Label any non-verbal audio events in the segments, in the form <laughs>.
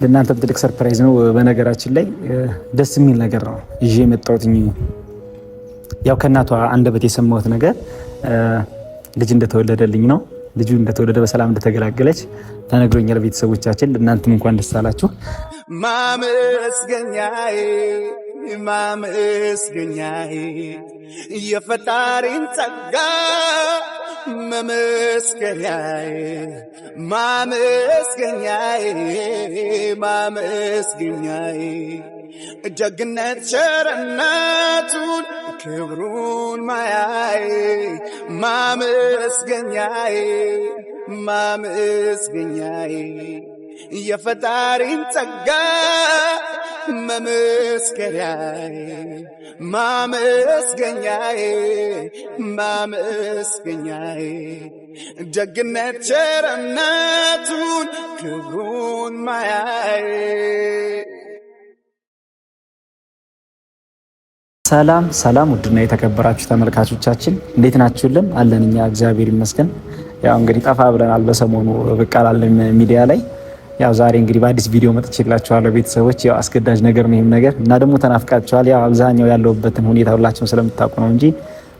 ለእናንተ ትልቅ ሰርፕራይዝ ነው። በነገራችን ላይ ደስ የሚል ነገር ነው ይዤ የመጣሁት። ያው ከእናቷ አንደበት የሰማሁት ነገር ልጅ እንደተወለደልኝ ነው። ልጁ እንደተወለደ በሰላም እንደተገላገለች ተነግሮኛል። ቤተሰቦቻችን እናንተም እንኳን ደስ አላችሁ። ማመስገኛዬ ማመስገኛዬ የፈጣሪን ጸጋ መመስገኛዬ ማመስገኛዬ ማመስገኛዬ ደግነት ቸርነቱን ክብሩን ማያዬ ማመስገኛዬ ማመስገኛዬ የፈጣሪን ጸጋ መመስከሪያዬ ማመስገኛዬ ማመስገኛዬ ደግነት ቸርነቱን ክብሩን ማያዬ ሰላም ሰላም፣ ውድና የተከበራችሁ ተመልካቾቻችን እንዴት ናችሁልን? አለን እኛ እግዚአብሔር ይመስገን። ያው እንግዲህ ጠፋ ብለናል። በሰሞኑ ብቅ ሚዲያ ላይ ያው ዛሬ እንግዲህ በአዲስ ቪዲዮ መጥቼላችኋለሁ ቤተሰቦች። ያው አስገዳጅ ነገር ነው ይሄም ነገር እና ደግሞ ተናፍቃችኋል። ያው አብዛኛው ያለውበትን ሁኔታ ሁላችሁም ስለምታውቁ ነው እንጂ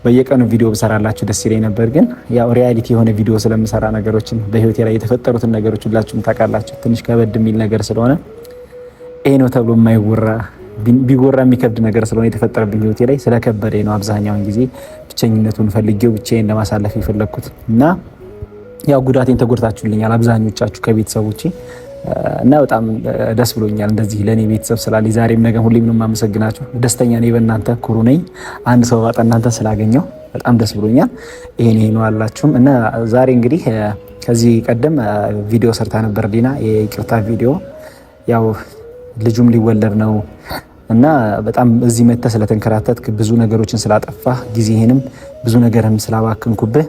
በየቀኑ ቪዲዮ ብሰራላችሁ ደስ ይለኝ ነበር። ግን ያው ሪያሊቲ የሆነ ቪዲዮ ስለምሰራ ነገሮችን በህይወቴ ላይ የተፈጠሩትን ነገሮች ሁላችሁም ታውቃላችሁ። ትንሽ ከበድ የሚል ነገር ስለሆነ ይሄ ነው ተብሎ የማይወራ ቢወራ የሚከብድ ነገር ስለሆነ የተፈጠረብኝ ህይወቴ ላይ ስለከበደ ነው አብዛኛውን ጊዜ ብቸኝነቱን ፈልጌው ብቻዬን ለማሳለፍ የፈለግኩት እና ያው ጉዳቴን ተጎድታችሁልኛል አብዛኞቻችሁ ከቤተሰቦቼ እና በጣም ደስ ብሎኛል። እንደዚህ ለእኔ ቤተሰብ ስላለ ዛሬም ነገ ሁሌም ምንም የማመሰግናችሁ። ደስተኛ ነኝ፣ በእናንተ ኩሩ ነኝ። አንድ ሰው ባጣ እናንተ ስላገኘው በጣም ደስ ብሎኛል። ይሄን ይሄ ነው አላችሁም እና ዛሬ እንግዲህ ከዚህ ቀደም ቪዲዮ ሰርታ ነበር ዲና፣ የይቅርታ ቪዲዮ ያው ልጁም ሊወለድ ነው እና በጣም እዚህ መጥተህ ስለተንከራተትክ ብዙ ነገሮችን ስላጠፋህ ጊዜህንም ብዙ ነገርም ስላባክንኩብህ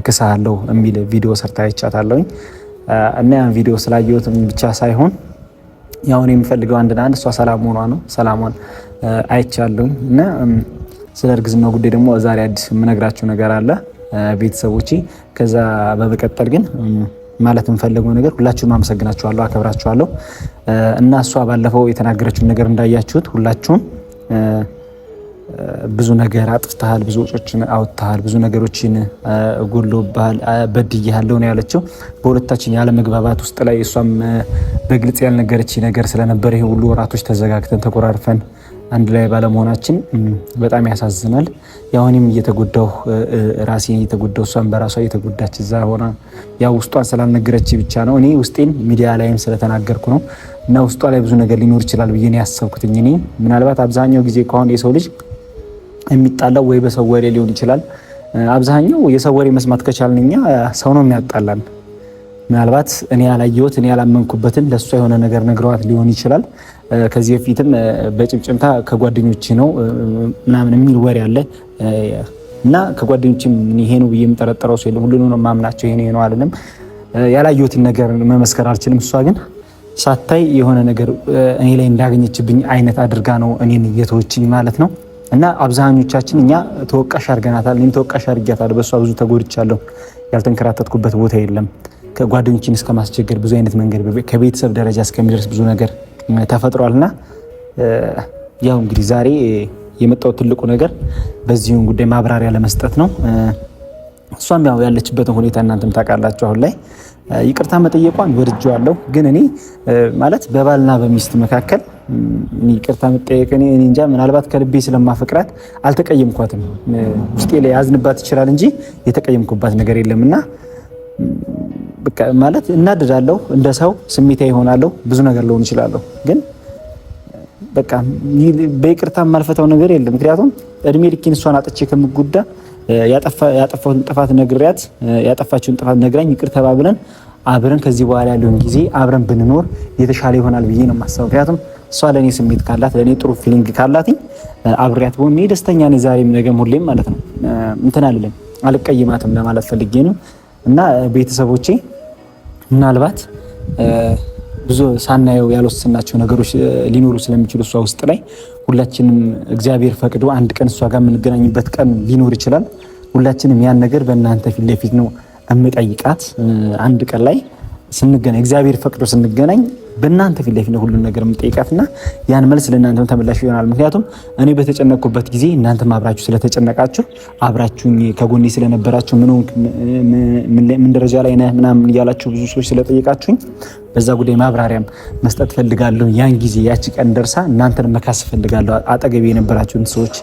እክስሃለሁ የሚል ቪዲዮ ሰርታ ይቻታለሁኝ። እና ያን ቪዲዮ ስላየሁትም ብቻ ሳይሆን ያሁን የምፈልገው አንድና አንድ እሷ ሰላም ሆኗ ነው። ሰላሟን አይቻለሁ እና ስለ እርግዝና ጉዳይ ደግሞ ዛሬ አዲስ የምነግራችሁ ነገር አለ ቤተሰቦቼ። ከዛ በመቀጠል ግን ማለት የምፈልገው ነገር ሁላችሁም አመሰግናችኋለሁ፣ አከብራችኋለሁ እና እሷ ባለፈው የተናገረችውን ነገር እንዳያችሁት ሁላችሁም ብዙ ነገር አጥፍተሃል፣ ብዙ ወጮችን አውጥተሃል፣ ብዙ ነገሮችን ጎሎብሃል፣ በድያለሁ ነው ያለችው። በሁለታችን ያለመግባባት ውስጥ ላይ እሷም በግልጽ ያልነገረች ነገር ስለነበረ ሁሉ ወራቶች ተዘጋግተን ተኮራርፈን አንድ ላይ ባለመሆናችን በጣም ያሳዝናል። የአሁኔም እየተጎዳው እየተጎዳሁ ራሴን እየተጎዳሁ እሷን በራሷ እየተጎዳች እዛ ሆና ያው ውስጧን ስላልነገረች ብቻ ነው እኔ ውስጤን ሚዲያ ላይም ስለተናገርኩ ነው እና ውስጧ ላይ ብዙ ነገር ሊኖር ይችላል ብዬ ያሰብኩትኝ። እኔ ምናልባት አብዛኛው ጊዜ ከሆን የሰው ልጅ የሚጣላው ወይ በሰው ወሬ ሊሆን ይችላል። አብዛኛው የሰው ወሬ መስማት ከቻልን እኛ ሰው ነው የሚያጣላን። ምናልባት እኔ ያላየሁት እኔ ያላመንኩበትን ለእሷ የሆነ ነገር ነግረዋት ሊሆን ይችላል። ከዚህ በፊትም በጭምጭምታ ከጓደኞች ነው ምናምን የሚል ወሬ አለ እና ከጓደኞችም ይሄ ነው ብዬ የምጠረጠረው ሰው የለም። ሁሉንም ነው ማምናቸው። ይሄ ነው አይደለም። ያላየሁትን ነገር መመስከር አልችልም። እሷ ግን ሳታይ የሆነ ነገር እኔ ላይ እንዳገኘችብኝ አይነት አድርጋ ነው እኔን እየተወችኝ ማለት ነው። እና አብዛኞቻችን እኛ ተወቃሽ አድርገናታል። እኔም ተወቃሽ አድርጊያታለሁ። በእሷ ብዙ ተጎድቻለሁ። ያልተንከራተትኩበት ቦታ የለም። ከጓደኞችን እስከ ማስቸገር ብዙ አይነት መንገድ ከቤተሰብ ደረጃ እስከሚደርስ ብዙ ነገር ተፈጥሯል። ያው እንግዲህ ዛሬ የመጣው ትልቁ ነገር በዚሁን ጉዳይ ማብራሪያ ለመስጠት ነው። እሷም ያው ያለችበትን ሁኔታ እናንተም ታውቃላችሁ። አሁን ላይ ይቅርታ መጠየቋን ወድጀዋለሁ፣ ግን እኔ ማለት በባልና በሚስት መካከል ይቅርታ መጠየቅ እኔ እንጃ ምናልባት ከልቤ ስለማፈቅራት አልተቀየምኳትም። ውስጤ ላይ ያዝንባት ይችላል እንጂ የተቀየምኩባት ነገር የለም እና ማለት እናድዳለሁ፣ እንደ ሰው ስሜታ ይሆናለሁ፣ ብዙ ነገር ልሆን እችላለሁ። ግን በቃ በይቅርታ የማልፈታው ነገር የለም። ምክንያቱም እድሜ ልኬን እሷን አጥቼ ከምጎዳ ያጠፋሁትን ጥፋት ነግሪያት፣ ያጠፋችውን ጥፋት ነግራኝ ይቅር ተባብለን አብረን ከዚህ በኋላ ያለውን ጊዜ አብረን ብንኖር የተሻለ ይሆናል ብዬ ነው የማስበው ምክንያቱም እሷ ለእኔ ስሜት ካላት ለእኔ ጥሩ ፊሊንግ ካላትኝ አብሬያት በሆን እኔ ደስተኛ ነኝ። ዛሬም ነገም ሁሌም ማለት ነው። እንትን አልልም አልቀይማትም ለማለት ፈልጌ ነው። እና ቤተሰቦቼ ምናልባት ብዙ ሳናየው ያልወሰናቸው ነገሮች ሊኖሩ ስለሚችሉ እሷ ውስጥ ላይ ሁላችንም እግዚአብሔር ፈቅዶ አንድ ቀን እሷ ጋር የምንገናኝበት ቀን ሊኖር ይችላል። ሁላችንም ያን ነገር በእናንተ ፊት ለፊት ነው እምጠይቃት አንድ ቀን ላይ ስንገናኝ እግዚአብሔር ፈቅዶ ስንገናኝ በእናንተ ፊት ለፊት ሁሉን ነገር የምጠይቃትና ያን መልስ ለእናንተም ተመላሽ ይሆናል። ምክንያቱም እኔ በተጨነቅኩበት ጊዜ እናንተም አብራችሁ ስለተጨነቃችሁ አብራችሁኝ ከጎኔ ስለነበራችሁ ምን ደረጃ ላይ ነህ ምናምን እያላችሁ ብዙ ሰዎች ስለጠየቃችሁኝ በዛ ጉዳይ ማብራሪያም መስጠት ፈልጋለሁ። ያን ጊዜ ያቺ ቀን ደርሳ እናንተን መካስ ፈልጋለሁ አጠገቤ የነበራችሁን ሰዎች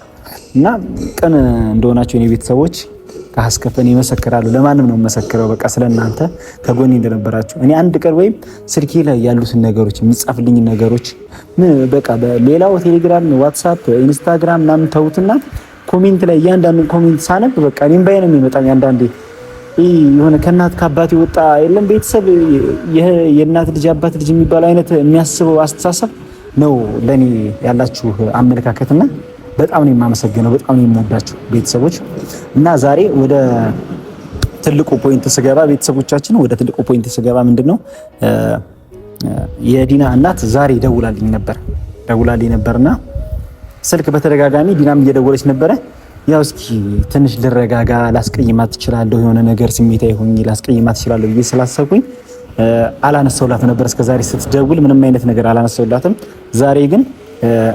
እና ቅን እንደሆናቸው የቤተሰቦች አስከፈን ይመሰክራሉ። ለማንም ነው መሰክረው በቃ ስለእናንተ ከጎን እንደነበራችሁ እኔ አንድ ቀን ወይም ስልኬ ላይ ያሉትን ነገሮች የሚጻፍልኝ ነገሮች በቃ በሌላው ቴሌግራም፣ ዋትሳፕ፣ ኢንስታግራም ምናምን ተውትና ኮሜንት ላይ እያንዳንዱ ኮሜንት ሳነብ በቃ እኔም ባይ ነው የሚመጣኝ። አንዳንዴ የሆነ ከእናት ከአባት የወጣ የለም ቤተሰብ የእናት ልጅ አባት ልጅ የሚባል አይነት የሚያስበው አስተሳሰብ ነው ለእኔ ያላችሁ አመለካከትና በጣም ነው የማመሰግነው። በጣም ነው የምወዳቸው ቤተሰቦች እና ዛሬ ወደ ትልቁ ፖይንት ስገባ ቤተሰቦቻችን ወደ ትልቁ ፖይንት ስገባ ምንድን ነው የዲና እናት ዛሬ ደውላልኝ ነበር ደውላልኝ ነበርና ስልክ በተደጋጋሚ ዲናም እየደወለች ነበረ። ያው እስኪ ትንሽ ልረጋጋ፣ ላስቀይማት እችላለሁ፣ የሆነ ነገር ስሜታዊ ሆኜ ላስቀይማት እችላለሁ ብዬ ስላሰብኩኝ አላነሳውላትም ነበር። እስከዛሬ ስትደውል ምንም አይነት ነገር አላነሳውላትም። ዛሬ ግን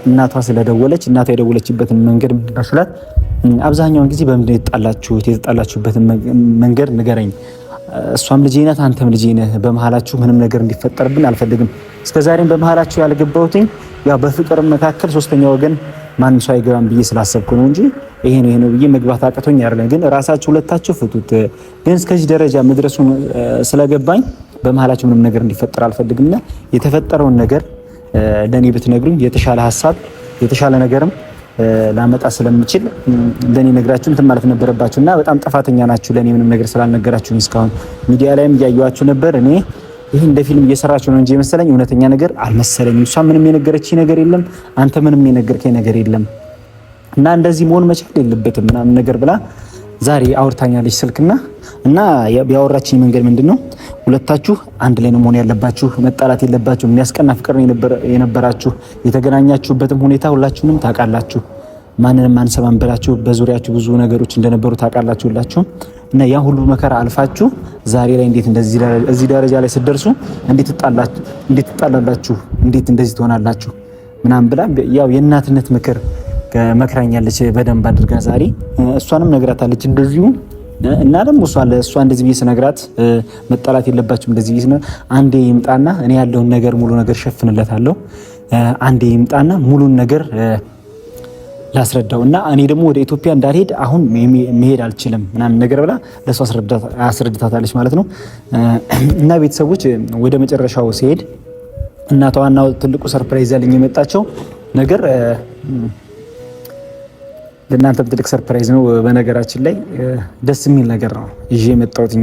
እናቷ ስለደወለች እናቷ የደወለችበትን መንገድ ስላት አብዛኛውን ጊዜ በምንድን የተጣላችሁት የተጣላችሁበትን መንገድ ንገረኝ እሷም ልጄ ናት አንተም ልጄ ነህ በመሀላችሁ ምንም ነገር እንዲፈጠርብን አልፈልግም እስከዛሬም በመሀላችሁ ያልገባሁትኝ ያው በፍቅር መካከል ሶስተኛ ወገን ማንም ሰው አይገባም ብዬ ስላሰብኩ ነው እንጂ ይሄ ነው ይሄ ነው ብዬ መግባት አቅቶኝ አይደለም ግን ራሳችሁ ሁለታችሁ ፍቱት ግን እስከዚህ ደረጃ መድረሱን ስለገባኝ በመሀላችሁ ምንም ነገር እንዲፈጠር አልፈልግምና የተፈጠረውን ነገር ለእኔ ብትነግሩኝ የተሻለ ሀሳብ የተሻለ ነገርም ላመጣ ስለምችል ለእኔ ነግራችሁ እንትን ማለት ነበረባችሁ እና በጣም ጠፋተኛ ናችሁ። ለእኔ ምንም ነገር ስላልነገራችሁኝ እስካሁን ሚዲያ ላይም እያየኋችሁ ነበር። እኔ ይህ እንደ ፊልም እየሰራችሁ ነው እንጂ የመሰለኝ እውነተኛ ነገር አልመሰለኝም። እሷ ምንም የነገረች ነገር የለም፣ አንተ ምንም የነገርከ ነገር የለም እና እንደዚህ መሆን መቻል የለበትም ምናምን ነገር ብላ ዛሬ አውርታኛለች ስልክና እና ያወራችኝ መንገድ ምንድን ነው ሁለታችሁ አንድ ላይ ነው መሆን ያለባችሁ። መጣላት የለባችሁ። የሚያስቀና ፍቅር የነበራችሁ የተገናኛችሁበትም ሁኔታ ሁላችሁንም ታውቃላችሁ። ማንንም አንሰማን ብላችሁ በዙሪያችሁ ብዙ ነገሮች እንደነበሩ ታውቃላችሁ ሁላችሁም እና ያ ሁሉ መከራ አልፋችሁ ዛሬ ላይ እንዴት እዚህ ደረጃ ላይ ስደርሱ እንዴት ትጣላላችሁ፣ እንዴት እንደዚህ ትሆናላችሁ ምናምን ብላ ያው የእናትነት ምክር መክራኛለች በደንብ አድርጋ ዛሬ እሷንም ነግራታለች እንደዚሁ እና ደግሞ እሷ ለእሷ እንደዚህ ብዬ ስነግራት መጣላት የለባችሁም እንደዚህ ብዬ አንዴ ይምጣና እኔ ያለውን ነገር ሙሉ ነገር ሸፍንለታለሁ። አንዴ ይምጣና ሙሉን ነገር ላስረዳው እና እኔ ደግሞ ወደ ኢትዮጵያ እንዳልሄድ አሁን መሄድ አልችልም ምናምን ነገር ብላ ለእሱ አስረድታታለች ማለት ነው። እና ቤተሰቦች ወደ መጨረሻው ሲሄድ እናቷ ዋናው ትልቁ ሰርፕራይዝ ያለኝ የመጣቸው ነገር ለእናንተም ትልቅ ሰርፕራይዝ ነው። በነገራችን ላይ ደስ የሚል ነገር ነው ይዤ የመጣሁት።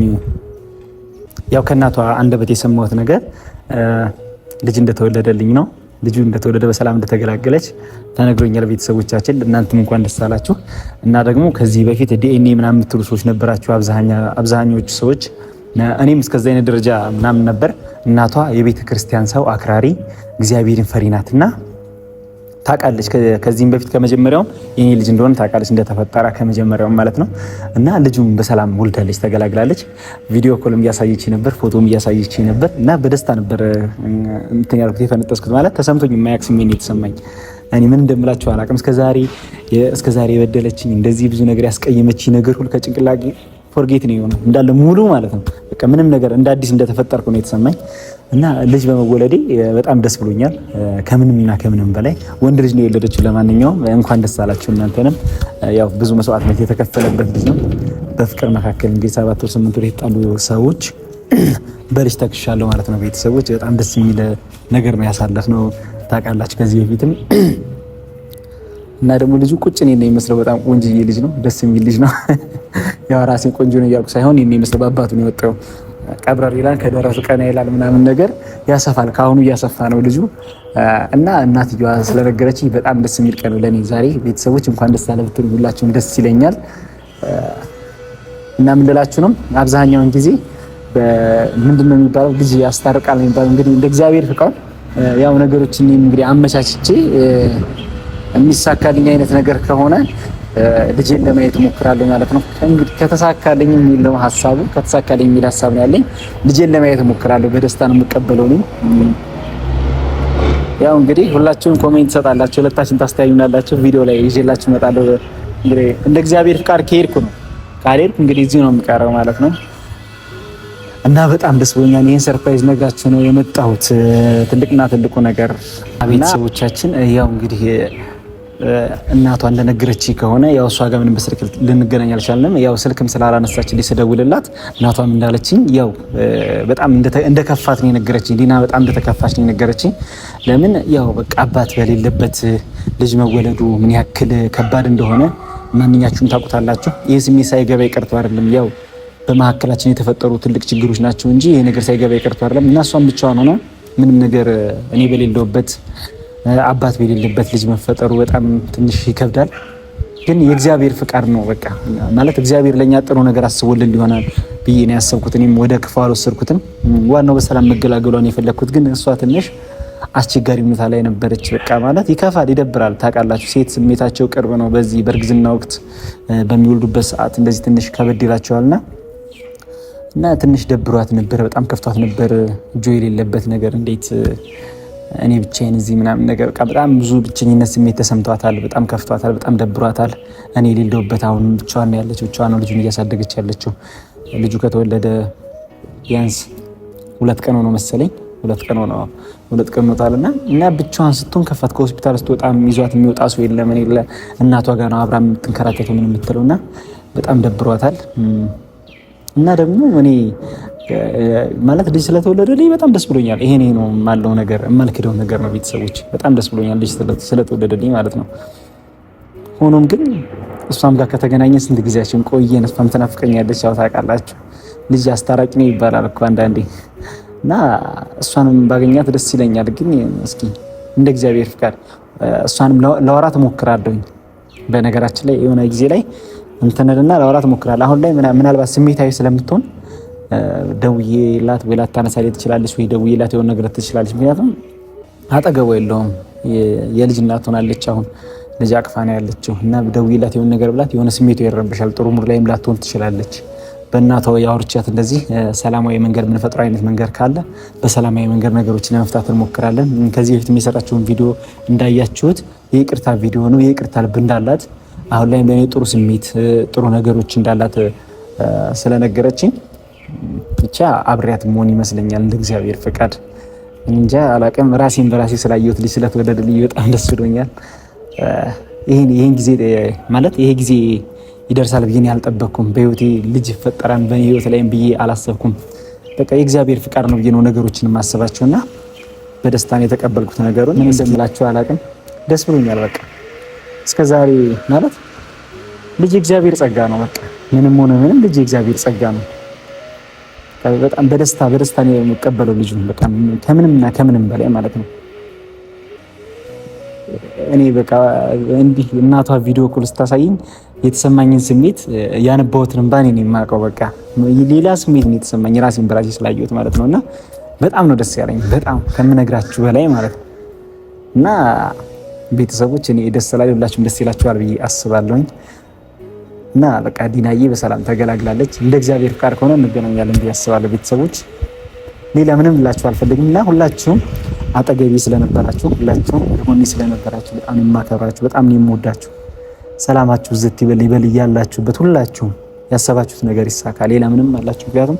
ያው ከእናቷ አንደበት የሰማሁት ነገር ልጅ እንደተወለደልኝ ነው። ልጁ እንደተወለደ በሰላም እንደተገላገለች ተነግሮኛል። ቤተሰቦቻችን እናንተም እንኳን ደስ አላችሁ። እና ደግሞ ከዚህ በፊት ዲኤንኤ ምናምን የምትሉ ሰዎች ነበራችሁ አብዛኞቹ ሰዎች። እኔም እስከዚ አይነት ደረጃ ምናምን ነበር። እናቷ የቤተ ክርስቲያን ሰው አክራሪ፣ እግዚአብሔርን ፈሪ ናትና ታውቃለች። ከዚህም በፊት ከመጀመሪያውም የኔ ልጅ እንደሆነ ታውቃለች፣ እንደተፈጠረ ከመጀመሪያውም ማለት ነው። እና ልጁም በሰላም ወልዳለች፣ ተገላግላለች። ቪዲዮ ኮልም እያሳየች ነበር፣ ፎቶም እያሳየች ነበር። እና በደስታ ነበር እንትን ያልኩት የፈነጠስኩት ማለት ተሰምቶኝ የማያውቅ ስሜት የተሰማኝ እኔ ምን እንደምላችሁ አላውቅም። እስከዛሬ እስከዛሬ የበደለችኝ እንደዚህ ብዙ ነገር ያስቀየመችኝ ነገር ሁሉ ከጭንቅላቄ ፎርጌት ነው የሆነው እንዳለ ሙሉ ማለት ነው። በቃ ምንም ነገር እንደ አዲስ እንደተፈጠርኩ ነው የተሰማኝ። እና ልጅ በመወለዴ በጣም ደስ ብሎኛል። ከምንምና ከምንም በላይ ወንድ ልጅ ነው የወለደችው። ለማንኛውም እንኳን ደስ አላችሁ እናንተንም። ያው ብዙ መስዋዕትነት የተከፈለበት ልጅ ነው። በፍቅር መካከል እንግዲህ ሰባት ወር ስምንት ወር የተጣሉ ሰዎች <clears throat> በልጅ ተክሻለሁ ማለት ነው። ቤተሰቦች በጣም ደስ የሚል ነገር ነው ያሳለፍነው። ታውቃላችሁ ከዚህ በፊትም <clears throat> እና ደግሞ ልጁ ቁጭ እኔን ነው የሚመስለው። በጣም ቆንጆዬ ልጅ ነው። ደስ የሚል ልጅ ነው። <laughs> ያው ራሴን ቆንጆ ነው እያልኩ ሳይሆን እኔን የሚመስለው በአባቱ ነው የወጣው ቀብረር ይላል ከደረሱ ቀና ይላል ምናምን ነገር ያሰፋል። ከአሁኑ እያሰፋ ነው ልጁ እና እናትየዋ ስለነገረች በጣም ደስ የሚል ቀን ለእኔ ዛሬ። ቤተሰቦች እንኳን ደስ አለ ብትሉ ሁላችሁም ደስ ይለኛል እና ምንላችሁንም አብዛኛውን ጊዜ ምንድን ነው የሚባለው ልጅ ያስታርቃል የሚባለው እንግዲህ እንደ እግዚአብሔር ፍቃድ ያው ነገሮችን እንግዲህ አመቻችቼ የሚሳካልኝ አይነት ነገር ከሆነ ልጄን ለማየት እሞክራለሁ ማለት ነው። እንግዲህ ከተሳካልኝ የሚል ነው ሀሳቡ። ከተሳካልኝ የሚል ሀሳብ ነው ያለኝ። ልጄን ለማየት እሞክራለሁ። በደስታ ነው የምቀበለው ነው። ያው እንግዲህ ሁላችሁም ኮሜንት ሰጣላችሁ፣ ሁለታችን ታስተያዩናላችሁ። ቪዲዮ ላይ ይዤላችሁ እመጣለሁ። እንግዲህ እንደ እግዚአብሔር ፍቃድ ከሄድኩ ነው፣ ካልሄድኩ እንግዲህ እዚሁ ነው የሚቀረው ማለት ነው። እና በጣም ደስ ብሎኛል። ይህን ሰርፕራይዝ ነግራችሁ ነው የመጣሁት። ትልቅና ትልቁ ነገር ቤተሰቦቻችን ያው እንግዲህ እናቷ እንደነገረች ከሆነ ያው እሷ ጋር ምንም በስልክ ልንገናኝ አልቻልንም። ያው ስልክም ስላላነሳች ስደውልላት እናቷም እንዳለችኝ ያው በጣም እንደከፋት ነው የነገረችኝ። ሊና በጣም እንደተከፋች ነው የነገረችኝ። ለምን ያው በቃ አባት በሌለበት ልጅ መወለዱ ምን ያክል ከባድ እንደሆነ ማንኛችሁም ታውቁታላችሁ። ይህ ስሜት ሳይገባ ይቀርቶ አይደለም ያው በመካከላችን የተፈጠሩ ትልቅ ችግሮች ናቸው እንጂ ይህ ነገር ሳይገባ ይቀርቶ አይደለም እና እሷም ብቻዋን ሆነ ምንም ነገር እኔ በሌለውበት አባት በሌለበት ልጅ መፈጠሩ በጣም ትንሽ ይከብዳል። ግን የእግዚአብሔር ፍቃድ ነው። በቃ ማለት እግዚአብሔር ለእኛ ጥሩ ነገር አስቦልን ሊሆናል ብዬ ነው ያሰብኩት። እኔም ወደ ክፉ አልወሰድኩትም። ዋናው በሰላም መገላገሏን የፈለግኩት። ግን እሷ ትንሽ አስቸጋሪ ሁኔታ ላይ ነበረች። በቃ ማለት ይከፋል፣ ይደብራል። ታውቃላችሁ፣ ሴት ስሜታቸው ቅርብ ነው። በዚህ በእርግዝና ወቅት በሚወልዱበት ሰዓት እንደዚህ ትንሽ ከበድ ይላቸዋልና እና ትንሽ ደብሯት ነበረ። በጣም ከፍቷት ነበር። እጇ የሌለበት ነገር እንዴት እኔ ብቻዬን እዚህ ምናምን ነገር በቃ በጣም ብዙ ብቸኝነት ስሜት ተሰምቷታል። በጣም ከፍቷታል። በጣም ደብሯታል። እኔ የሌለውበት አሁን ብቻዋን ነው ያለችው። ብቻዋን ነው ልጁን እያሳደገች ያለችው። ልጁ ከተወለደ ቢያንስ ሁለት ቀን ሆኖ መሰለኝ ሁለት ቀን ሆኖ ሁለት ቀን ሆኖታል እና እና ብቻዋን ስትሆን ከፋት። ከሆስፒታል ስትወጣ ይዟት የሚወጣ ሰው የለም። እኔ እናቷ ጋር ነው አብራ የምትንከራተተው ምን የምትለው እና በጣም ደብሯታል እና ደግሞ እኔ ማለት ልጅ ስለተወለደ ልጅ በጣም ደስ ብሎኛል። ይሄ ነው ማለው ነገር የማልክደው ነገር ነው። ቤተሰቦች በጣም ደስ ብሎኛል ልጅ ስለተወለደልኝ ማለት ነው። ሆኖም ግን እሷም ጋር ከተገናኘ ስንት ጊዜያችን ቆየን። እሷም ትናፍቀኛለች። ያው ታውቃላችሁ ልጅ አስታራቂ ነው ይባላል እኮ አንዳንዴ እና እሷንም ባገኛት ደስ ይለኛል። ግን እስኪ እንደ እግዚአብሔር ፍቃድ እሷንም ለወራት ሞክራለሁኝ። በነገራችን ላይ የሆነ ጊዜ ላይ እንትንልና ለወራት ሞክራለሁ። አሁን ላይ ምናልባት ስሜታዊ ስለምትሆን ደውዬላት ወይ ላታነሳልኝ ትችላለች፣ ወይ ደውዬላት የሆነ ነገር ትችላለች። ምክንያቱም አጠገቧ የለውም የልጅ እናት ሆናለች። አሁን ልጅ አቅፋ ነው ያለችው እና ደውዬላት የሆነ ነገር ብላት የሆነ ስሜቱ ይረብሻል። ጥሩ ሙድ ላይም ላትሆን ትችላለች። በእናቷ የአውርቻት እንደዚህ ሰላማዊ መንገድ የምንፈጥረው አይነት መንገድ ካለ በሰላማዊ መንገድ ነገሮችን ለመፍታት እንሞክራለን። ከዚህ በፊት የሰራችውን ቪዲዮ እንዳያችሁት የይቅርታ ቪዲዮ ነው። የይቅርታ ልብ እንዳላት አሁን ላይም ለእኔ ጥሩ ስሜት ጥሩ ነገሮች እንዳላት ስለነገረችኝ ብቻ አብሬያት መሆን ይመስለኛል እንደ እግዚአብሔር ፈቃድ። እንጃ አላቅም። ራሴን በራሴ ስላየሁት ልጅ ስለተወደደልኝ በጣም ደስ ብሎኛል። ይሄን ጊዜ ማለት ይሄ ጊዜ ይደርሳል ብዬ አልጠበቅኩም። በህይወቴ ልጅ ይፈጠራል በእኔ ህይወት ላይም ብዬ አላሰብኩም። በቃ የእግዚአብሔር ፍቃድ ነው ብዬ ነው ነገሮችን የማስባቸው እና በደስታን የተቀበልኩት ነገሩን ምን አላቅም። ደስ ብሎኛል። በቃ እስከዛሬ ማለት ልጅ እግዚአብሔር ጸጋ ነው። በቃ ምንም ሆነ ምንም ልጅ እግዚአብሔር ጸጋ ነው። በጣም በደስታ በደስታ ነው የምቀበለው ልጅ ነው። በጣም ከምንም እና ከምንም በላይ ማለት ነው። እኔ በቃ እንዲህ እናቷ ቪዲዮ ኮል ስታሳይኝ የተሰማኝን ስሜት ያነባሁትን እንባ እኔ የማውቀው በቃ ሌላ ስሜት ነው የተሰማኝ ራሴን በራሴ ስላየሁት ማለት ነው። እና በጣም ነው ደስ ያለኝ በጣም ከምነግራችሁ በላይ ማለት ነው። እና ቤተሰቦች እኔ ደስ ላይ ሁላችሁም ደስ ይላችኋል ብዬ አስባለሁኝ። እና በቃ ዲናዬ በሰላም ተገላግላለች። እንደ እግዚአብሔር ፍቃድ ከሆነ እንገናኛለን ብዬ አስባለሁ። ቤተሰቦች ሌላ ምንም እላችሁ አልፈልግም እና ሁላችሁም አጠገቢ ስለነበራችሁ፣ ሁላችሁም ሆኔ ስለነበራችሁ በጣም የማከብራችሁ በጣም የምወዳችሁ። ሰላማችሁ ዝት ይበል ይበል እያላችሁበት ሁላችሁም ያሰባችሁት ነገር ይሳካ። ሌላ ምንም አላችሁ። ምክንያቱም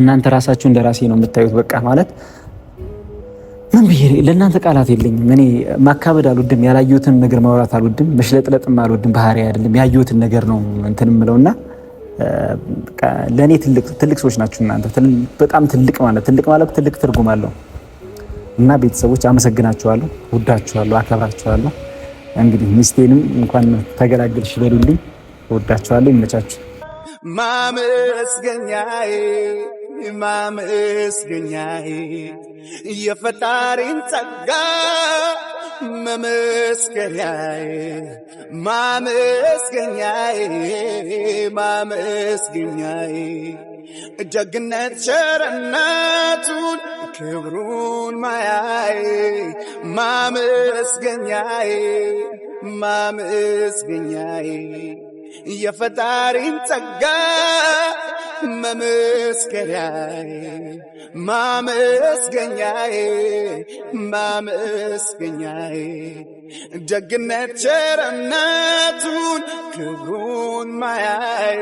እናንተ ራሳችሁ እንደ ራሴ ነው የምታዩት በቃ ማለት ምን ብዬ ለእናንተ ቃላት የለኝም። እኔ ማካበድ አልወድም፣ ያላየሁትን ነገር ማውራት አልወድም፣ መሽለጥለጥም አልወድም። ባህሪ አይደለም ያየሁትን ነገር ነው እንትን ምለውና ለእኔ ትልቅ ሰዎች ናቸው እናንተ። በጣም ትልቅ ማለት ትልቅ ማለት ትልቅ ትርጉም አለው እና ቤተሰቦች አመሰግናችኋለሁ፣ ውዳችኋለሁ፣ አከብራችኋለሁ። እንግዲህ ሚስቴንም እንኳን ተገላገልሽ በሉልኝ። እወዳችኋለሁ። ይመቻችሁ። ማመስገኛዬ ማመስገኛዬ የፈጣሪን ጸጋ መመስገኛዬ ማመስገኛዬ ማመስገኛዬ ደግነት ቸርነቱን ክብሩን ማያዬ ማመስገኛዬ ማመስገኛዬ የፈጣሪን ጸጋ መመስገኛዬ ማመስገኛዬ ማመስገኛዬ ደግነት ቸርነቱን ክብሩን ማያዬ